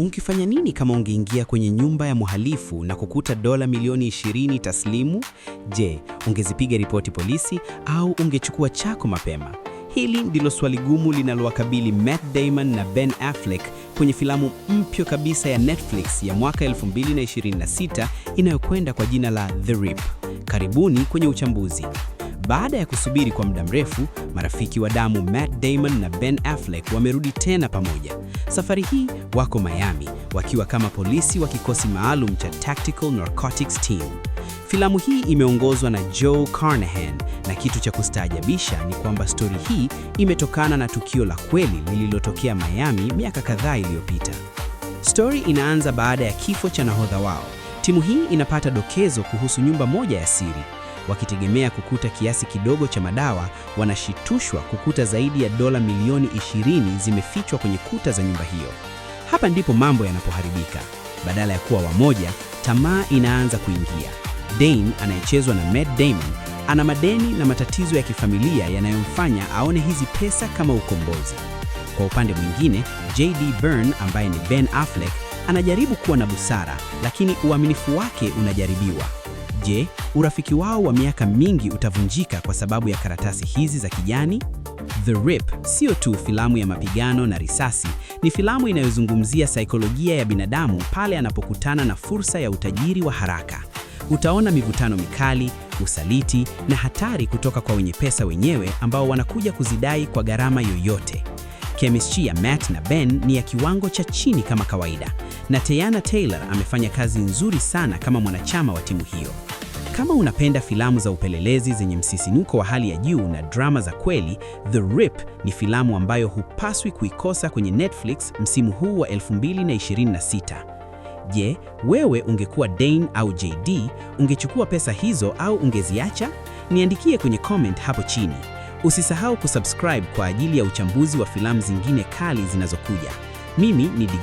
Ungefanya nini kama ungeingia kwenye nyumba ya mhalifu na kukuta dola milioni 20 taslimu? Je, ungezipiga ripoti polisi au ungechukua chako mapema? Hili ndilo swali gumu linalowakabili Matt Damon na Ben Affleck kwenye filamu mpya kabisa ya Netflix ya mwaka 2026 inayokwenda kwa jina la The Rip. Karibuni kwenye uchambuzi. Baada ya kusubiri kwa muda mrefu, marafiki wa damu Matt Damon na Ben Affleck wamerudi tena pamoja. Safari hii wako Miami, wakiwa kama polisi wa kikosi maalum cha Tactical Narcotics Team. Filamu hii imeongozwa na Joe Carnahan na kitu cha kustaajabisha ni kwamba stori hii imetokana na tukio la kweli lililotokea Miami miaka kadhaa iliyopita. Stori inaanza baada ya kifo cha nahodha wao. Timu hii inapata dokezo kuhusu nyumba moja ya siri wakitegemea kukuta kiasi kidogo cha madawa, wanashitushwa kukuta zaidi ya dola milioni 20 zimefichwa kwenye kuta za nyumba hiyo. Hapa ndipo mambo yanapoharibika. Badala ya kuwa wamoja, tamaa inaanza kuingia. Dane anayechezwa na Matt Damon ana madeni na matatizo ya kifamilia yanayomfanya aone hizi pesa kama ukombozi. Kwa upande mwingine, JD Byrne ambaye ni Ben Affleck anajaribu kuwa na busara, lakini uaminifu wake unajaribiwa. Je, urafiki wao wa miaka mingi utavunjika kwa sababu ya karatasi hizi za kijani? The Rip sio tu filamu ya mapigano na risasi, ni filamu inayozungumzia saikolojia ya binadamu pale anapokutana na fursa ya utajiri wa haraka. Utaona mivutano mikali, usaliti na hatari kutoka kwa wenye pesa wenyewe ambao wanakuja kuzidai kwa gharama yoyote. Chemistry ya Matt na Ben ni ya kiwango cha chini kama kawaida, na Teyana Taylor amefanya kazi nzuri sana kama mwanachama wa timu hiyo. Kama unapenda filamu za upelelezi zenye msisimuko wa hali ya juu na drama za kweli, The Rip ni filamu ambayo hupaswi kuikosa kwenye Netflix msimu huu wa 2026. Je, wewe ungekuwa Dane au JD, ungechukua pesa hizo au ungeziacha? Niandikie kwenye comment hapo chini. Usisahau kusubscribe kwa ajili ya uchambuzi wa filamu zingine kali zinazokuja. Mimi ni Digo